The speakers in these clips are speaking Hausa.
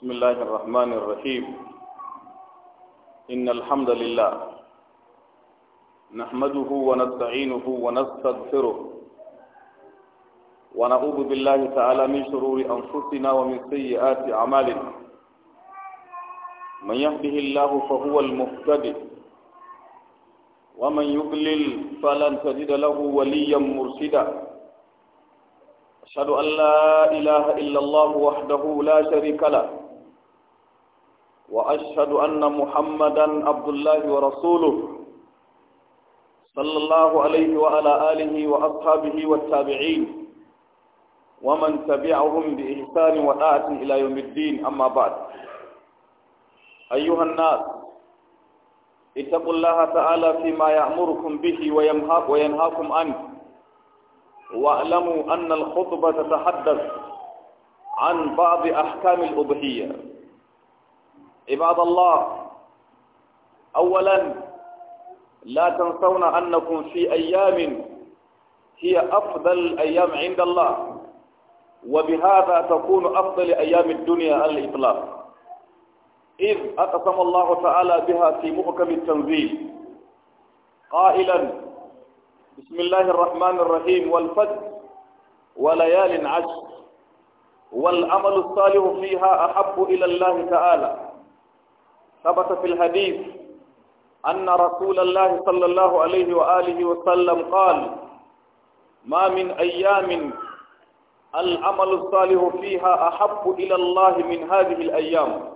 بسم الله الرحمن الرحيم إن الحمد لله نحمده ونستعينه ونستغفره ونعوذ بالله تعالى من شرور أنفسنا ومن سيئات أعمالنا من يهده الله فهو المهتدي ومن يضلل فلن تجد له وليا مرشدا أشهد أن لا إله إلا الله وحده لا شريك له وأشهد أن محمدا عبد الله ورسوله صلى الله عليه وعلى آله وأصحابه والتابعين ومن تبعهم بإحسان وطاعة إلى يوم الدين أما بعد أيها الناس اتقوا الله تعالى فيما يأمركم به وينهاكم عنه واعلموا أن الخطبة تتحدث عن بعض أحكام الأضحية عباد الله أولا لا تنسون أنكم في أيام هي أفضل الأيام عند الله وبهذا تكون أفضل أيام الدنيا على الإطلاق إذ أقسم الله تعالى بها في محكم التنزيل قائلا بسم الله الرحمن الرحيم والفجر وليال عشر والعمل الصالح فيها أحب إلى الله تعالى ثبت في الحديث أن رسول الله صلى الله عليه وآله وسلم قال ما من أيام العمل الصالح فيها أحب إلى الله من هذه الأيام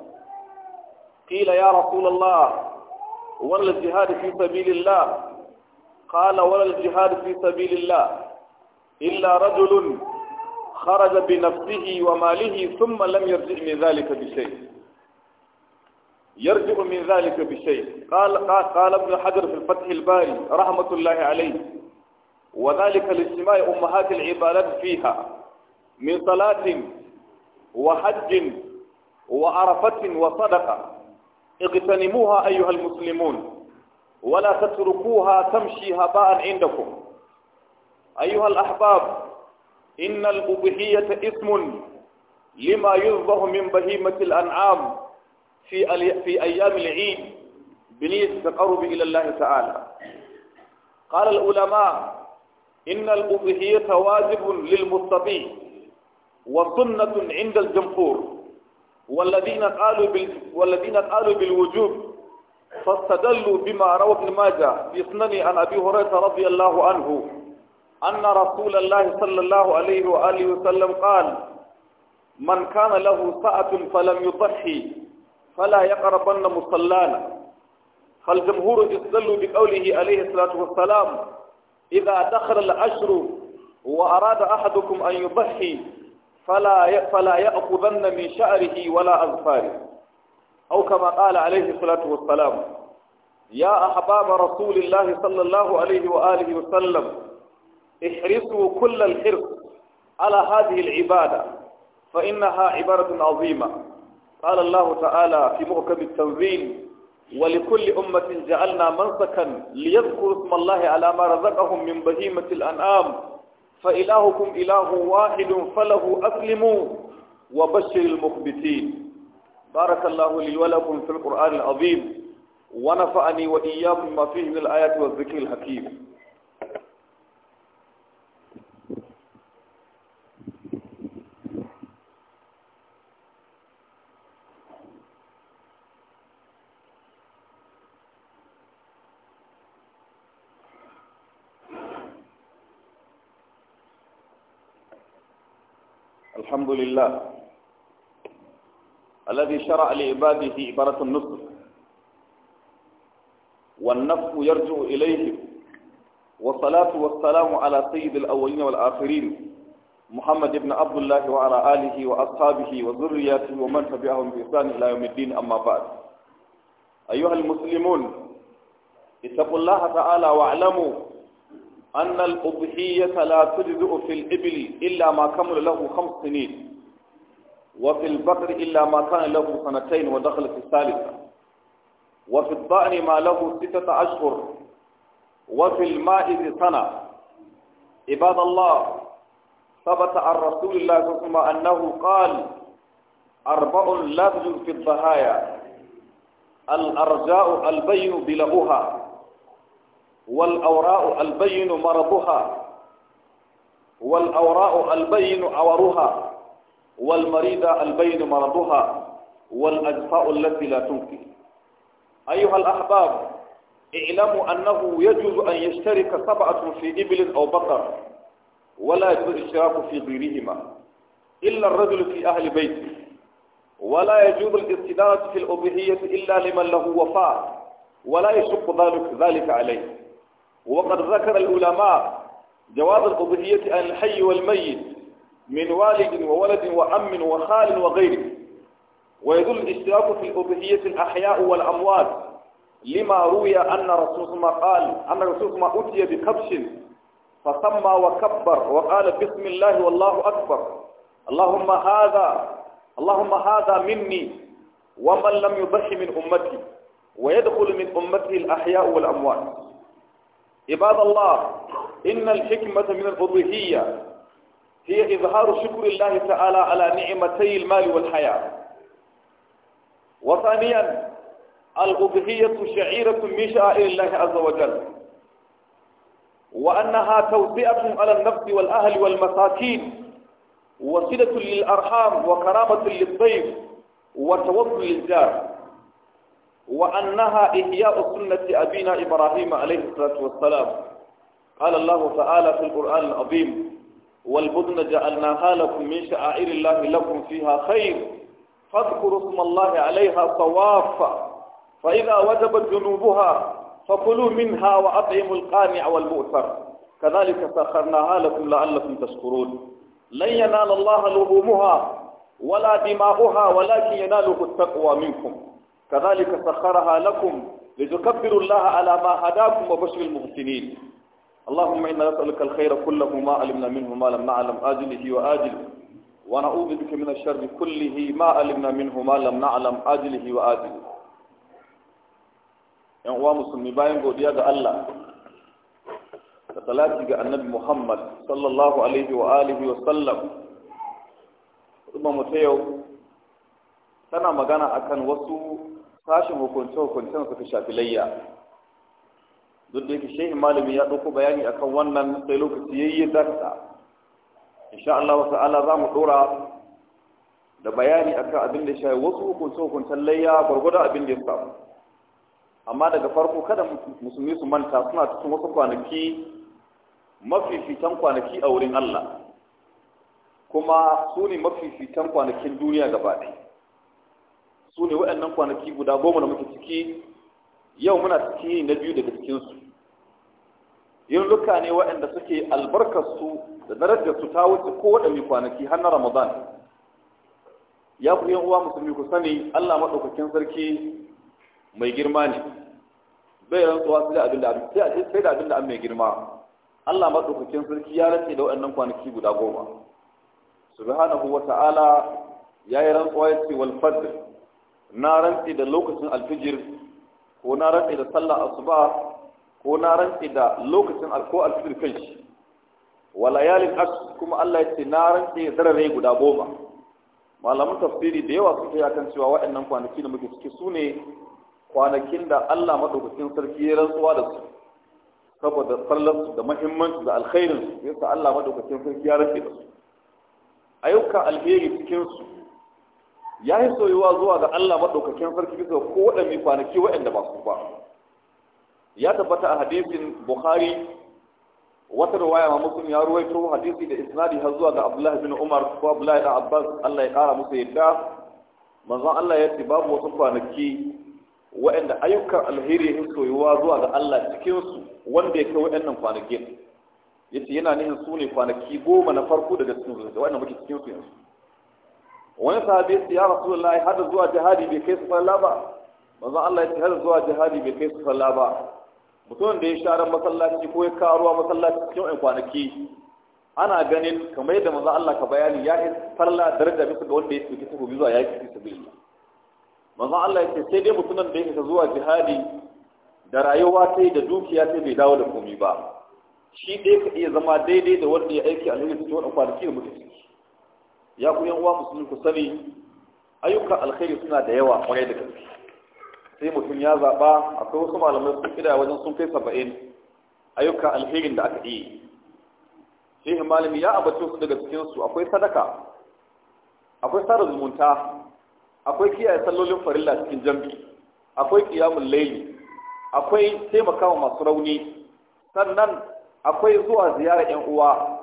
قيل يا رسول الله ولا الجهاد في سبيل الله قال ولا الجهاد في سبيل الله إلا رجل خرج بنفسه وماله ثم لم يرجع من ذلك بشيء يرجع من ذلك بشيء قال, قال, قال ابن حجر في الفتح الباري رحمة الله عليه وذلك لاجتماع أمهات العبادات فيها من صلاة وحج وعرفة وصدقة اغتنموها أيها المسلمون ولا تتركوها تمشي هباء عندكم أيها الأحباب إن الأبهية اسم لما يذبه من بهيمة الأنعام في في أيام العيد بنية التقرب إلى الله تعالى قال العلماء إن الأضحية واجب للمستطيع وسنة عند الجمهور والذين قالوا بال... والذين قالوا بالوجوب فاستدلوا بما روى ابن ماجه في سنن عن أبي هريرة رضي الله عنه أن رسول الله صلى الله عليه وآله وسلم قال من كان له سعه فلم يضحي فلا يقربن مصلانا فالجمهور استدلوا بقوله عليه الصلاة والسلام إذا دخل الأشر وأراد أحدكم أن يضحي فلا فلا يأخذن من شعره ولا أظفاره أو كما قال عليه الصلاة والسلام يا أحباب رسول الله صلى الله عليه وآله وسلم احرصوا كل الحرص على هذه العبادة فإنها عبارة عظيمة قال الله تعالى في محكم التنظيم ولكل أمة جعلنا منسكا ليذكروا اسم الله على ما رزقهم من بهيمة الأنعام فإلهكم إله واحد فله أسلموا وبشر المخبتين بارك الله لي ولكم في القرآن العظيم ونفعني وإياكم ما فيه من الآيات والذكر الحكيم الحمد لله الذي شرع لعباده عبارة النصر والنفس يرجع إليه والصلاة والسلام على سيد الأولين والآخرين محمد بن عبد الله وعلى آله وأصحابه وذرياته ومن تبعهم بإحسان إلى يوم الدين أما بعد أيها المسلمون اتقوا الله تعالى واعلموا أن الأضحية لا تجزئ في الإبل إلا ما كمل له خمس سنين وفي البقر إلا ما كان له سنتين ودخل في الثالثة وفي الضأن ما له ستة أشهر وفي المائز سنة عباد الله ثبت عن رسول الله صلى الله عليه وسلم أنه قال أربع لا في الضحايا الأرجاء البين بلغها والأوراء البين مرضها والأوراء البين عورها والمريض البين مرضها والأجفاء التي لا تنكي أيها الأحباب اعلموا أنه يجوز أن يشترك سبعة في إبل أو بقر ولا يجوز الاشتراك في غيرهما إلا الرجل في أهل بيته ولا يجوز الاستدارة في الأبهية إلا لمن له وفاء ولا يشق ذلك, ذلك عليه وقد ذكر العلماء جواز القبضية عن الحي والميت من والد وولد وعم وخال وغيره ويدل الاشتراك في الأبهية الأحياء والأموات لما روي أن رسول ما قال أن رسول ما أتي بكبش فسمى وكبر وقال بسم الله والله أكبر اللهم هذا اللهم هذا مني ومن لم يضحي من أمتي ويدخل من أمته الأحياء والأموات عباد الله إن الحكمة من الفضيحية هي إظهار شكر الله تعالى على نعمتي المال والحياة وثانيا الأضحية شعيرة من شعائر الله عز وجل وأنها توزئة على النفس والأهل والمساكين وصلة للأرحام وكرامة للضيف وتوصل للجار وأنها إحياء سنة أبينا إبراهيم عليه الصلاة والسلام قال الله تعالى في القرآن العظيم والبدن جعلناها لكم من شعائر الله لكم فيها خير فاذكروا اسم الله عليها صواف فإذا وجبت جنوبها فكلوا منها وأطعموا القانع والمؤثر كذلك سخرناها لكم لعلكم تشكرون لن ينال الله لحومها ولا دماؤها ولكن يناله التقوى منكم كذلك سخرها لكم لتكبروا الله على ما هداكم وبشر المحسنين اللهم إنا نسألك الخير كله ما علمنا منه ما لم نعلم آجله وآجله ونعوذ بك من الشر كله ما علمنا منه ما لم نعلم آجله وآجله yan uwa musulmi bayan godiya ga Allah da salati ga annabi Muhammad sallallahu alaihi wa alihi wa sallam kuma mu ta yau tana magana akan wasu sashen hukunce-hukuncen suka shafi layya duk da yake shehin malami ya ɗauko bayani akan wannan sai lokaci ya yi darsa insha Allah wasu ala za mu ɗora da bayani akan abin da shafi wasu hukunce-hukuncen layya gwargwada abin da ya samu amma daga farko kada musulmi su manta suna cikin wasu kwanaki mafifitan kwanaki a wurin Allah kuma su ne mafifitan kwanakin duniya gaba ɗaya su ne waɗannan kwanaki guda goma da muke ciki yau muna ciki na biyu daga cikinsu yin luka ne waɗanda suke albarkarsu da darajarsu ta wuce ko waɗanne kwanaki har na ramadan ya ku yan uwa musulmi ku sani allah maɗaukakin sarki mai girma ne bai rantsuwa sai da abin da sai da abin da an mai girma allah maɗaukakin sarki ya rantse da waɗannan kwanaki guda goma subhanahu wa ta'ala ya yi rantsuwa ya ce wal fadl na rantsi da lokacin alfijir ko na rantsi da sallah asuba ko na rantsi da lokacin alko alfijir kai shi wa layalin ash kuma Allah ya ce na rantsi da guda goma malamin tafsiri da yawa suke kan cewa waɗannan kwanaki da muke ciki su ne kwanakin da Allah madaukakin sarki ya rantsuwa da su saboda sallar da muhimmanci da alkhairin su yasa Allah madaukakin sarki ya rantsi da su ayyuka alheri cikin su ya yi soyuwa zuwa ga Allah maɗaukakin sarki bisa ko waɗanne kwanaki waɗanda ba su ba ya tabbata a hadisin bukhari wata riwaya ma muslim ya ruwaito hadisi da isnadi har zuwa ga abdullahi bin umar ko abdullahi da abbas Allah ya ƙara musu yadda manzon Allah ya ce babu wasu kwanaki waɗanda ayyukan alheri ya soyuwa zuwa ga Allah cikin su wanda ya kai waɗannan kwanakin yace yana nihin su ne kwanaki goma na farko daga cikin zuciya waɗanda muke cikin su yanzu wani sahabi su ya rasulullahi har da zuwa jihadi bai kai su falla ba manzo Allah ya ce har zuwa jihadi bai kai su falla ba mutumin da ya sharar masallaci ko ya karuwa masallaci cikin ɗan kwanaki ana ganin kamar yadda manzo Allah ka bayani ya yi falla daraja bisa ga wanda ya tsoki ta gobe zuwa ya yi su billah manzo Allah ya ce sai dai mutumin da ya isa zuwa jihadi da rayuwa ta da dukiya ta bai dawo da komi ba shi dai ka iya zama daidai da wanda ya aiki a lokacin cikin ɗan kwanaki da mutum ya ku yan uwa musulmi ku sani ayyukan alkhairi suna da yawa kwarai da gaske sai mutum ya zaɓa akwai wasu malamai sun kira wajen sun kai saba'in ayyukan alkhairin da aka yi shehin malami ya abace su daga cikinsu akwai sadaka akwai sada zumunta akwai kiyaye sallolin farilla cikin jambi akwai kiyamun laili akwai taimakawa masu rauni sannan akwai zuwa ziyara yan uwa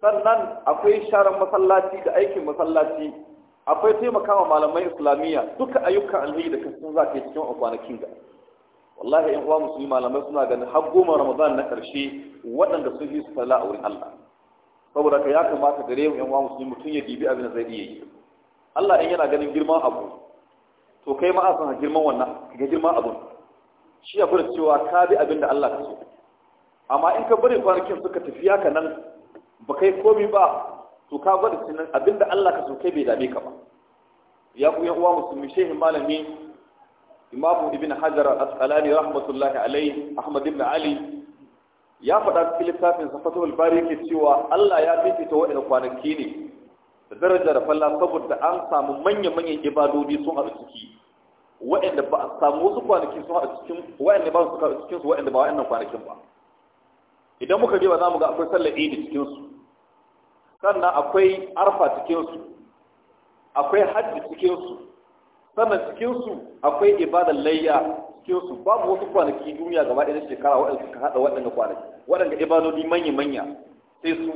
sannan akwai sharan masallaci da aikin masallaci akwai taimakawa malamai islamiyya duka ayyukan alheri da kasan za ka yi cikin kwanakin ga wallahi yan uwa musulmi malamai suna ganin har goma ramadan na karshe waɗanda sun yi su sala a wurin allah saboda ka ya kamata gare mu yan uwa musulmi mutum ya ɗibi abin da zai iya yi allah in yana ganin girman abu to kai ma a san girman wannan ga girman abun shi ya fara cewa ka bi abin da allah ka so amma in ka bari kwanakin suka tafi haka nan ba kai komi ba to ka gwada sunan abinda Allah ka so kai bai dame ka ba ya ku yan uwa musulmi shehu malami imamu ibn hajar al-asqalani rahmatullahi alayhi ahmad ibn ali ya faɗa cikin littafin fatul bari ke cewa Allah ya fifita waɗanda kwanaki ne da daraja da falla saboda an samu manya-manyan ibadodi sun a ciki wa'inda ba a samu wasu kwanaki sun a cikin wa'inda ba su cikin su wa'inda ba waɗannan kwanakin ba idan muka je ba za mu ga akwai sallar idi cikin su sannan akwai arfa cikinsu akwai hajji cikinsu sannan cikinsu akwai ibadar layya cikinsu babu wasu kwanaki duniya gaba ɗaya shekara waɗanda suka haɗa waɗanda kwanaki waɗanda ibadodi manya-manya sai su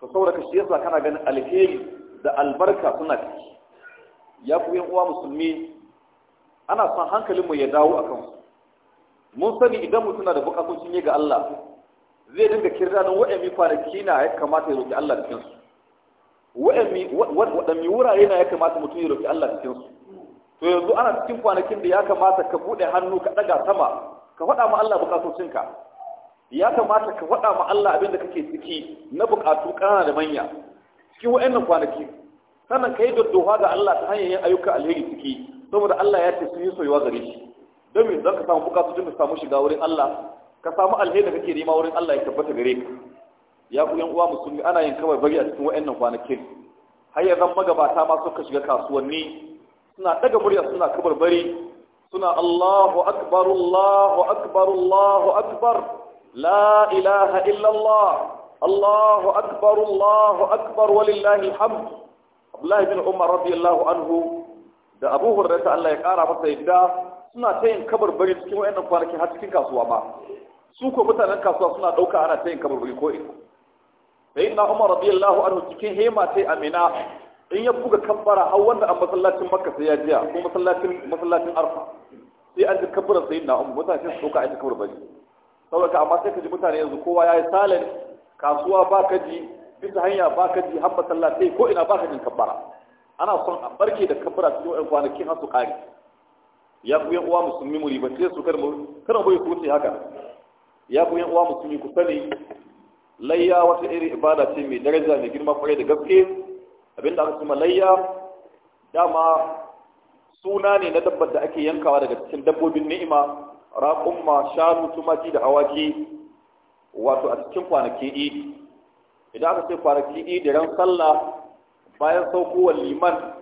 ka saura ka shiyasa kana ganin alheri da albarka suna ciki ya ku yin uwa musulmi ana son hankalinmu ya dawo a kansu mun sani idan mutum na da bukatun cinye ga Allah zai dinga kirdanin wa'ami kwanaki na ya kamata ya roƙi Allah cikin su wa'ami waɗanne wurare na ya kamata mutum ya roƙi Allah cikin su to yanzu ana cikin kwanakin da ya kamata ka bude hannu ka ɗaga sama ka faɗa ma Allah ka. ya kamata ka faɗa ma Allah abin da kake ciki na buƙatu kana da manya cikin wa'annan kwanaki sannan ka yi daddowa ga Allah ta hanyar yin ayyuka alheri ciki saboda Allah ya ce sun yi soyuwa gare shi don me za ka samu buƙatocin ka samu shiga wurin Allah ka samu alheri da kake nema wurin Allah ya tabbata gare ka ya ku yan uwa musulmi ana yin kawai bari a cikin wayannan kwanakin har ya magabata ma suka shiga kasuwanni suna daga murya suna kabar bari suna Allahu akbar Allahu akbar Allahu akbar la ilaha illa Allah Allahu akbar Allahu akbar walillahi alhamd Abdullah bin Umar radiyallahu anhu da Abu Hurairah Allah ya kara masa yadda suna ta yin kabar bari cikin wayannan kwanaki har cikin kasuwa ba. su ko mutanen kasuwa suna ɗauka ana tayin kamar kabarbari ko iko sai yin na umar radiyallahu anhu cikin hema sai amina in ya buga kabbara har wanda a masallacin makka sai ya jiya ko masallacin masallacin arfa sai an ji sai na umar mutane su ɗauka a kamar kabarbari saboda amma sai ka ji mutane yanzu kowa yayi salat kasuwa ba ka ji bisa hanya ba ka ji har masallatai ko ina ba ka jin kabbara ana son a barke da kabbara cikin wa'in kwanakin har su ƙare ya ku yan uwa musulmi mu ribace su kar mu kar mu bai kuce haka ya ku yan uwa musulmi ku sani layya wata irin ibada ce mai daraja mai girma kwarai da gaske abinda aka cima layya dama suna ne na dabbar da ake yankawa daga cikin dabbobin ni'ima raƙumma shanu tumaki da awaki wato a cikin kwanaki idan aka ce kwanaki da ran sallah bayan saukowar liman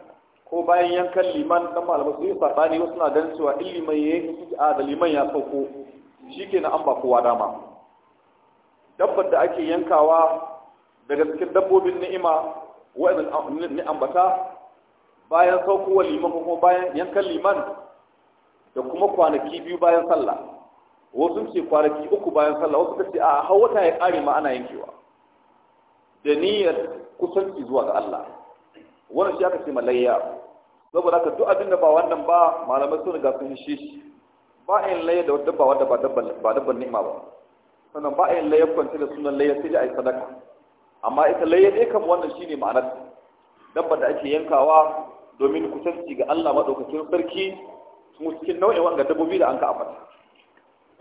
ko bayan yankan liman dan malamai su yi sabani wasu na ganin cewa in liman ya yi a da liman ya sauko ke na an ba kowa dama dabbar da ake yankawa daga cikin dabbobin ni'ima wa'in ni'ambata bayan saukowar liman ko bayan yankan liman da kuma kwanaki biyu bayan sallah wasu ce kwanaki uku bayan sallah wasu kace a hau wata ya kare ma ana yankewa da niyyar kusanci zuwa ga Allah wannan shi aka ce malayya saboda haka duk abin da ba wannan ba malamai sun riga sun shi ba a yin layya da dabba wadda ba dabban ni'ima ba sannan ba a yin layya kwanci da sunan layya sai da a yi sadaka amma ita layya ɗaya kan wannan shine ma'anar dabba da ake yankawa domin kusanci ga Allah maɗaukakin sarki mu cikin nau'in wanga dabbobi da an ka afata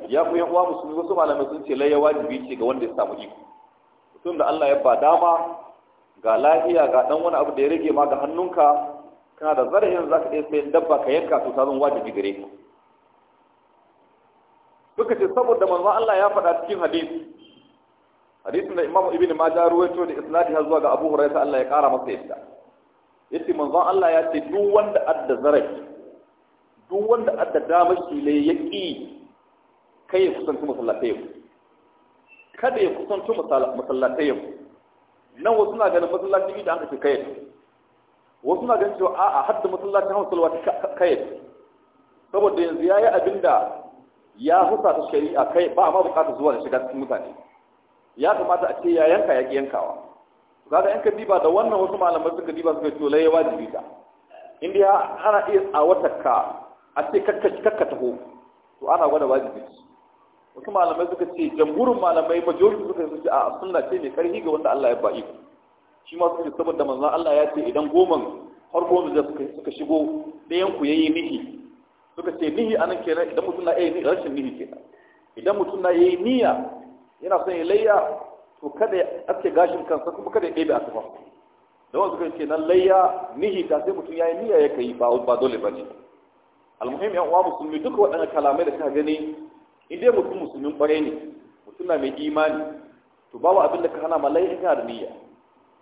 ya ku yan uwa musulmi wasu malamai sun ce layya wajibi ce ga wanda ya samu iko mutum da Allah ya ba dama ga lafiya ga dan wani abu da ya rage ma ga hannunka kana da zarahin za ka iya sayan dabba ka yanka to ta zama wajibi gare ka suka ce saboda manzon Allah ya faɗa cikin hadisi hadisin da Imam Ibn Majah ruwaito da isnadi har zuwa ga Abu Hurairah Allah ya kara masa yadda yace manzon Allah ya ce duk wanda adda zarai, duk wanda adda damar shi ne ya kai ya kusanci masallatai kada ya kusanci masallatai nan wasu na ganin masallaci da aka ce kai wasu na ganin cewa a'a hadda masallaci hawa salwa kai saboda yanzu yayi abinda ya husa ta shari'a kai ba ma bukatar zuwa da shiga cikin mutane ya kamata a ce ya yanka ya yankawa Za ka yanka diba da wannan wasu malamai suka diba suka ce lai wajibi inda ya ana iya wata ka a ce kakkaci kakka taho to ana gwada wajibi wasu malamai suka ce jamhurin malamai majority suka yi suke a sunna ce mai karfi ga wanda Allah ya ba iko shi ma suke saboda manzon Allah ya ce idan goman har goma da suka shigo ɗayan ku yayi miki suka ce nihi a nan kenan idan mutum na yi rashin nihi kenan idan mutum na yi niyya yana son ya layya to kada ya aske gashin kansa kuma kada ya ɗebe a kuma da wasu kai kenan layya nihi ta sai mutum ya yi niyya ya kai ba dole ba ne almuhim yan uwa musulmi duka waɗannan kalamai da ka gani idan mutum musulmin ƙwarai ne mutum na mai imani to babu abin da ka hana ma layya ina da niyya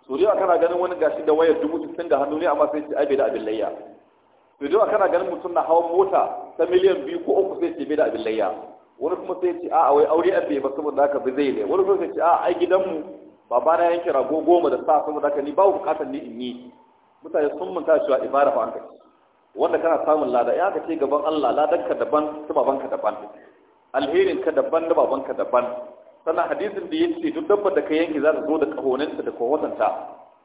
so da kana ganin wani gashi da wayar dubu sittin da hannu ne amma sai ce ai bai da abin layya Sai da kana ganin mutum na hawan mota ta miliyan biyu ko uku sai ce bai da abin layya wani kuma sai ce a'a wai aure an bai ba saboda haka bai zai ne wani kuma sai ce a'a ai gidanmu baba na yanke rago goma da sa saboda haka ni ba bukatar ni in yi mutane sun manta cewa ibada fa an wanda kana samun lada ya ka ce gaban Allah ladan ka daban ta baban ka daban alherin ka daban da baban ka daban sannan hadisin da yake duk dabbar da ka yanke za ta zo da kahonanta da kohotanta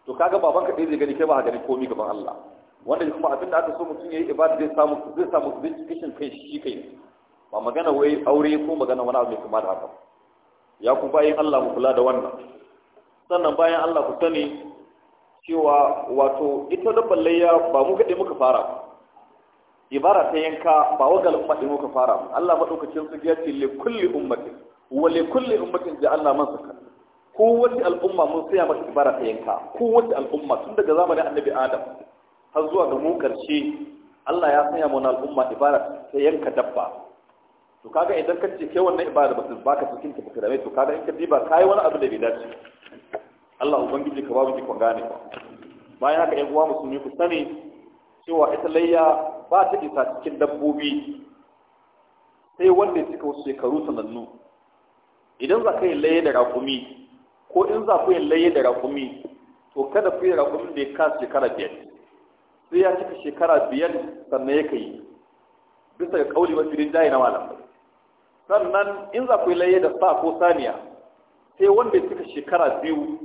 to kaga baban ka dai zai gani kai ba ka gani komai gaban Allah wannan kuma abin da aka so mutum ya yi ibada zai samu zai samu kishin kai shi kai ba magana wai aure ko magana wani abu mai kuma da haka ya ku bayan Allah mu kula da wannan sannan bayan Allah ku sani cewa wato ita da ballayya ba mu kaɗai muka fara ibara ta yanka ba wa galin faɗi muka fara Allah maɗaukacin su ya ce le kulli ummatin wa le kulli ummatin ji Allah man saka. ko al'umma mun saya masa ibara ta yanka ko al'umma tun daga zamanin annabi Adam har zuwa ga mu Allah ya sanya mu na al'umma ibara ta yanka dabba to kaga idan ka ce kai wannan ibada ba ba ka cikin ta to kaga in ka diba kai wani abu da bai dace Allah ubangiji ka babu jikon gane ba bayan haka ƴan uwa musulmi ku sani cewa ita layya ba ta isa cikin dabbobi sai wanda ya cika wasu shekaru sanannu idan za ka yi laye da raƙumi ko in za ku yi laye da raƙumi to kada ku yi raƙumin da ya kasa shekara biyar sai ya cika shekara biyar sannan ya kai bisa ga kauli mafi jayi na malam sannan in za ku yi laye da sa ko saniya sai wanda ya cika shekara biyu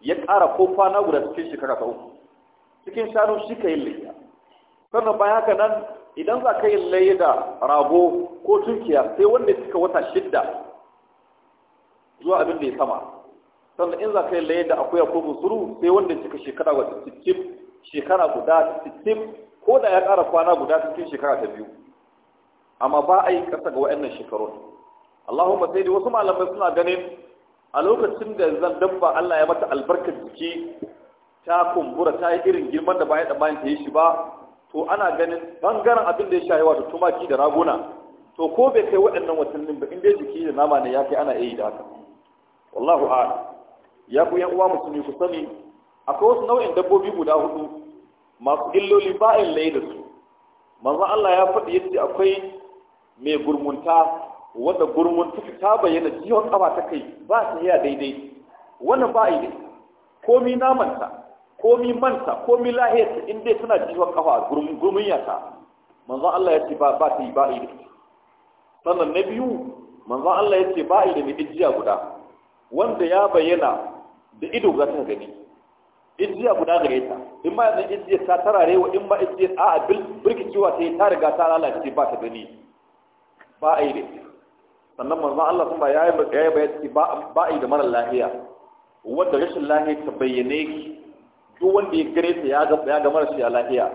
ya ƙara ko kwana guda cikin shekara ta uku cikin shanu shi ka yi laye sannan bayan haka nan idan za ka yi laye da rago ko tunkiya sai wanda ya cika wata shidda zuwa abin da ya sama sannan in za ka yi laye da akuya ko musuru sai wanda ya cika shekara wata cikin shekara guda sittin ko da ya ƙara kwana guda sittin shekara ta biyu amma ba a yi ƙasa ga wa'annan shekarun allahumma sai dai wasu malamai suna ganin a lokacin da zan dabba allah ya mata albarkar jiki ta kumbura ta yi irin girman da bayan bayan ta yi shi ba to ana ganin bangaren abin da ya shayi wato tumaki da raguna to ko bai kai waɗannan watannin ba in dai jiki da nama ne ya kai ana iya yi da haka wallahu a'lam ya ku yan uwa musulmi ku sani akwai wasu nau'in dabbobi guda hudu masu illoli ba'in layi da su manzo Allah ya faɗi yadda akwai mai gurmunta wanda gurmunta ta bayyana jihon kaba ta kai ba ta yi daidai wani ba'i yi komi namanta komi manta komi lahiyarta in dai tana ƙafa kafa gurmun yata manzo Allah ya ce ba ta yi ba'i yi sannan na biyu manzo Allah ya ce ba'i yi da mai ijiya guda wanda ya bayyana da ido ga ta gani izziya guda gare ta in ma yanzu izziya ta tarare wa in ma izziya a abil birkicewa ta yi ta riga ta lalace ba ta gani ba a yi da sannan manzon Allah kuma ya yi bayani ba a yi da mara lahiya Wadda rashin lahiya ta bayyane ki duk wanda ya gare ta ya ga mara shi lahiya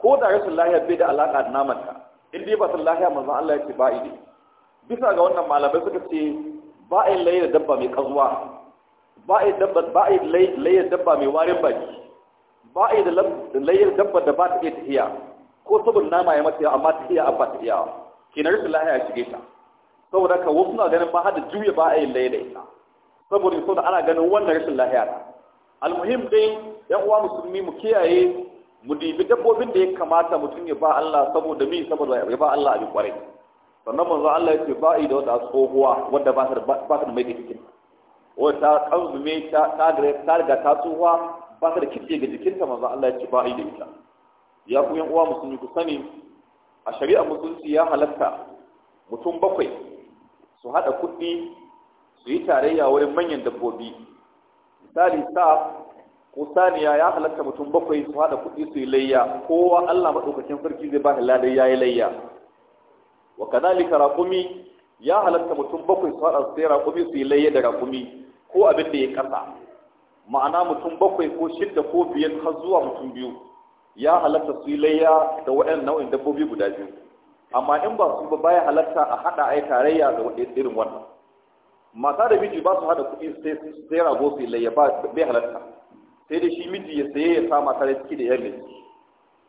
ko da rashin lahiya bai da alaƙa da naman namanta in dai ba san lahiya manzon Allah ya ce ba a yi bisa ga wannan malamai suka ce ba a yi lahiya da dabba mai kazuwa ba yi layar dabba mai warin baki ba a yi da layar dabba da ba ta iya tafiya ko saboda nama ya mata amma tafiya an ba ta iya kenan rufin lahiya shige ta saboda ka wasu na ganin ba hada juya ba a yi layar da ita saboda saboda ana ganin wannan rashin lahiya ta almuhim dai yan uwa musulmi mu kiyaye mu dibi dabbobin da ya kamata mutum ya ba Allah saboda mi saboda ya ba Allah abin kwarai sannan manzo Allah ya ce ba yi da wata tsohuwa wadda ba ta da mai da cikin wata kanzume ta riga ta tsohuwa, ba ta da kitse ga jikinta manzo Allah ya ci ba da ita ya ku yan uwa musulmi ku sani a shari'ar musulunci ya halatta mutum bakwai su hada kuɗi su yi tarayya wurin manyan dabbobi misali sa ko saniya ya halatta mutum bakwai su haɗa kuɗi su yi layya kowa Allah madaukakin sarki zai ba shi ya yi layya wa kadhalika raqumi ya halatta mutum bakwai su haɗa su sai raƙumi su yi laye da raƙumi ko abin da ya ƙasa ma'ana mutum bakwai ko shidda ko biyar har zuwa mutum biyu ya halatta su yi layya da waɗannan nau'in dabbobi guda biyu amma in ba su ba baya halatta a haɗa a yi tarayya da irin wannan mata da miji ba su haɗa kuɗi sai rago su yi layya ba bai halatta sai dai shi miji ya saye ya sa mata da ciki da yan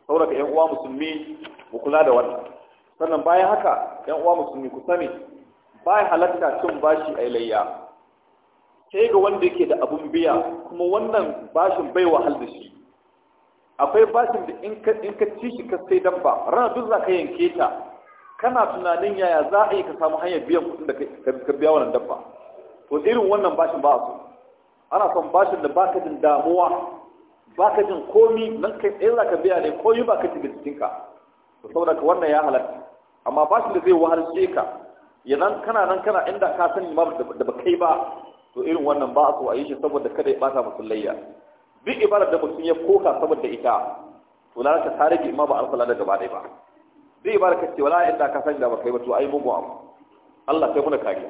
saboda ka yan uwa musulmi mu kula da wannan sannan bayan haka yan uwa musulmi ku sani ba ya halatta cin bashi a layya sai ga wanda yake da abun biya kuma wannan bashin bai wahal da shi akwai bashin da in ka ci shi ka sai dabba rana duk za ka yanke ta kana tunanin yaya za a yi ka samu hanyar biyan kuɗin da ka biya wannan dabba to irin wannan bashin ba a so ana son bashin da baka jin damuwa baka jin komi nan kai tsaye za ka biya ne yi baka ci da cikinka to saboda ka wannan ya halatta amma bashin da zai wahalce ka nan? kana nan kana inda ka sani ma da ba kai ba to irin wannan ba su a yi shi saboda kada ya bata mutum layya duk da mutum ya koka saboda ita to lalata ta rage ma ba a rasa gaba dai ba duk ibarar ka ce wala inda ka sani da ba kai ba to ai mugu abu Allah sai muna kariya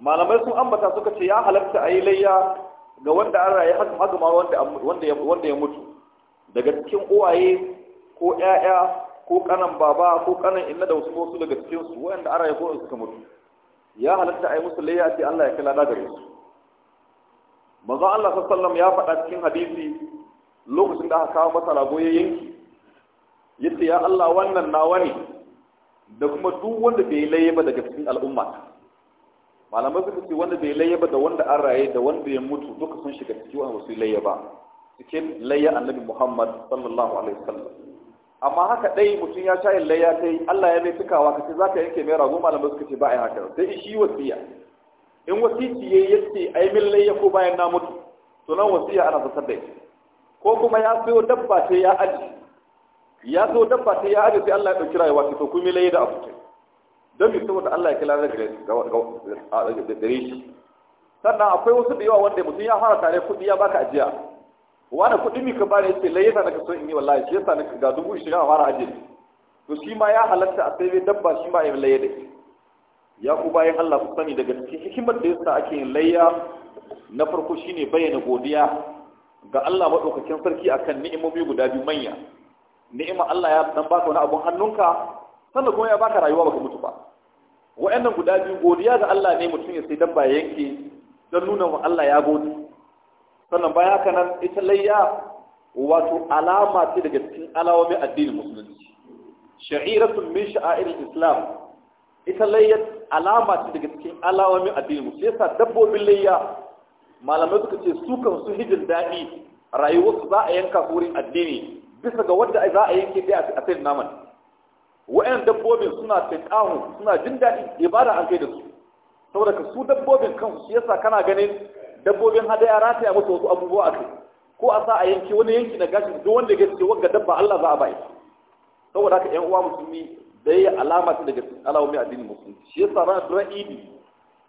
malamai sun ambata suka ce ya halatta a yi layya ga wanda an rayu haka haka ma wanda ya mutu daga cikin uwaye ko 'ya'ya ko kanan baba ko kanan inna da wasu wasu daga cikin su wanda ara ya ko suka mutu ya halatta ai musu layya ce Allah ya kala da gare su manzo Allah sallallahu ya faɗa cikin hadisi lokacin da aka kawo masa rago ya yanki yace ya Allah wannan nawa ne da kuma duk wanda bai layya ba daga cikin al'umma malamai suka ce wanda bai layya ba da wanda an raye da wanda ya mutu duka sun shiga cikin wasu su layya ba cikin layya annabi Muhammad sallallahu alaihi wasallam amma haka dai mutum ya sha illai ya kai Allah ya mai tukawa kace zaka yanke mai rago malamai suka ce ba ai haka sai shi wasiya in wasiti yayi yace ai min layya ko bayan na mutu to nan wasiya ana fasar da shi ko kuma ya siyo dabba sai ya aji ya siyo dabba sai ya aji sai Allah ya dauki rayuwa to kuma layya da abu don bi saboda Allah ya kila da gare shi sannan akwai wasu da yawa wanda mutum ya fara tare kuɗi ya baka ajiya wani kuɗi mika bani yace lai yasa naka kaso in yi wallahi shi yasa na ga dubu shiga a fara ajiye to shi ma ya halatta a sai dabba shi ma ya laye da shi ya ku bayan Allah ku sani daga cikin hikimar da yasa ake yin layya na farko shine bayyana godiya ga Allah madaukakin sarki akan ni'imomi guda biyu manya ni'ima Allah ya dan baka wani abun hannunka sannan kuma ya baka rayuwa baka mutu ba wa'annan guda biyu godiya ga Allah ne mutum ya sai dabba ya yanke don nuna wa Allah ya gode sannan bayan haka nan ita layya wato alama ce daga cikin alawomin addinin musulunci sha'iratun min sha'irin islam ita layya alama ce daga cikin alawomin addinin musulunci yasa dabbobin layya malamai suka ce su kan su hijin daɗi su za a yanka wurin addini bisa ga wanda za a yanke dai a sayar naman wa'yan dabbobin suna tinkahu suna jin daɗi ibada an kai da su saboda ka su dabbobin kansu shi yasa kana ganin dabbobin ya rataya masa wasu abubuwa a kai ko a sa a yanki wani yanki na gashi duk wanda ya ce wanga dabba Allah za a bai saboda haka ƴan uwa musulmi da ya alama ta daga alawomi addinin musulmi shi yasa ran ra'idi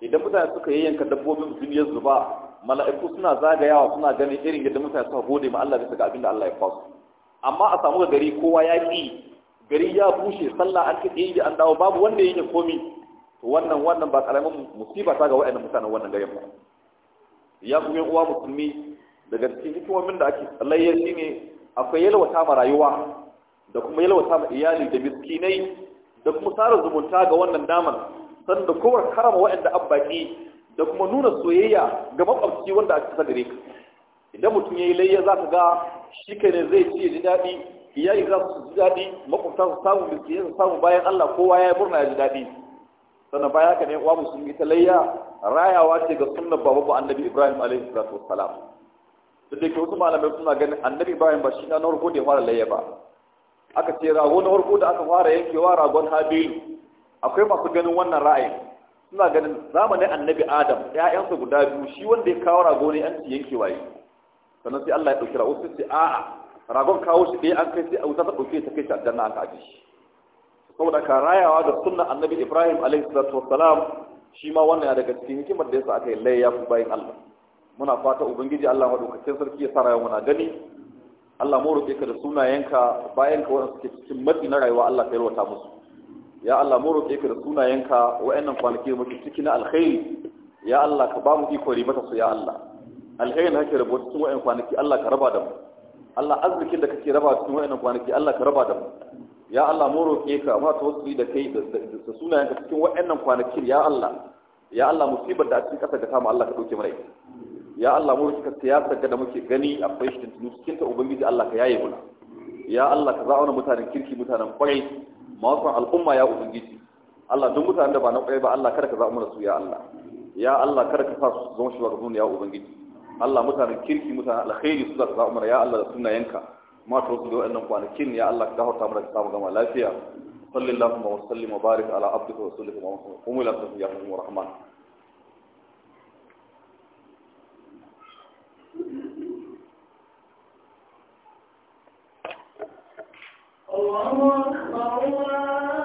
idan mutane suka yayyanka dabbobin musulmi ya zuba mala'iku suna zagayawa suna ganin irin yadda mutane suka gode ma Allah bisa ga abin da Allah ya fasu amma a samu gari kowa ya ki gari ya bushe sallah an kaɗe yi an dawo babu wanda yake komi wannan wannan ba karamin musiba ta ga wa'annan mutanen wannan garin ba ya kuma uwa musulmi daga cikin hikimomin da ake tsallayyar shi ne akwai yalwata ma rayuwa da kuma yalwata ma iyali da miskinai da kuma tsara zumunta ga wannan daman sannan da kowar karama wa'anda abbaki da kuma nuna soyayya ga makwabci wanda ake kusa gare ka idan mutum ya yi layya za ka ga shi ka ne zai ci ya ji daɗi iyali za su ji daɗi makwabta su samu miskinai su samu bayan allah kowa ya yi murna ya ji daɗi sannan baya ka ne uwa musulmi ta layya rayawa ce ga sunna babu annabi ibrahim alaihi salatu wassalam duk da ke wasu malamai suna ganin annabi ibrahim ba shi na farko da ya fara layya ba aka ce rago na farko da aka fara yankewa ragon habilu akwai masu ganin wannan ra'ayin suna ganin zamanin annabi adam ƴaƴansa guda biyu shi wanda ya kawo rago ne yanci yankewa yi sannan sai allah ya ɗauki rago sai a'a ragon kawo shi ɗaya an kai sai a wuta ta ɗauke ta kai shi aljanna aka aji shi saboda ka rayawa da sunna annabi ibrahim alaihi salatu wassalam shi ma wannan ya daga cikin hikimar da yasa aka yi layya fi bayin allah muna fata ubangiji allah madaukakin sarki ya sa rayuwa muna gani allah mu roƙe ka da sunayenka bayan ka wanda suke cikin matsi na rayuwa allah ka yarwata musu ya allah mu roƙe ka da sunayenka wa'annan kwanaki da muke ciki na alkhairi ya allah ka ba mu iko ribata su ya allah alkhairin da kake rabo cikin wa'annan kwanaki allah ka raba da mu Allah arzikin da kake raba cikin wa'annan kwanaki Allah ka raba da mu ya Allah mun roƙe ka mun tawassuli da kai da sunayen ka cikin waɗannan kwanakin ya Allah ya Allah musibar da a cikin ƙasar ka samu Allah ka ɗauke mana ya Allah mun roƙe ka siyasar da muke gani a fashin cikin ta ubangiji Allah ka yaye muna ya Allah ka zauna mutanen kirki mutanen kwarai masu al'umma ya ubangiji Allah duk mutanen da ba na kwarai ba Allah kada ka zauna mana su ya Allah ya Allah kada ka sa su zama shugabanni ya ubangiji Allah mutanen kirki mutanen alkhairi su za ka ya Allah da sunayenka ma ta wasu da waɗannan kwanakin ya Allah ka gafarta mu da samu gama lafiya sallallahu alaihi wa sallam wa barik ala abdika wa rasulika muhammad qumul ya rahmu rahman الله أكبر الله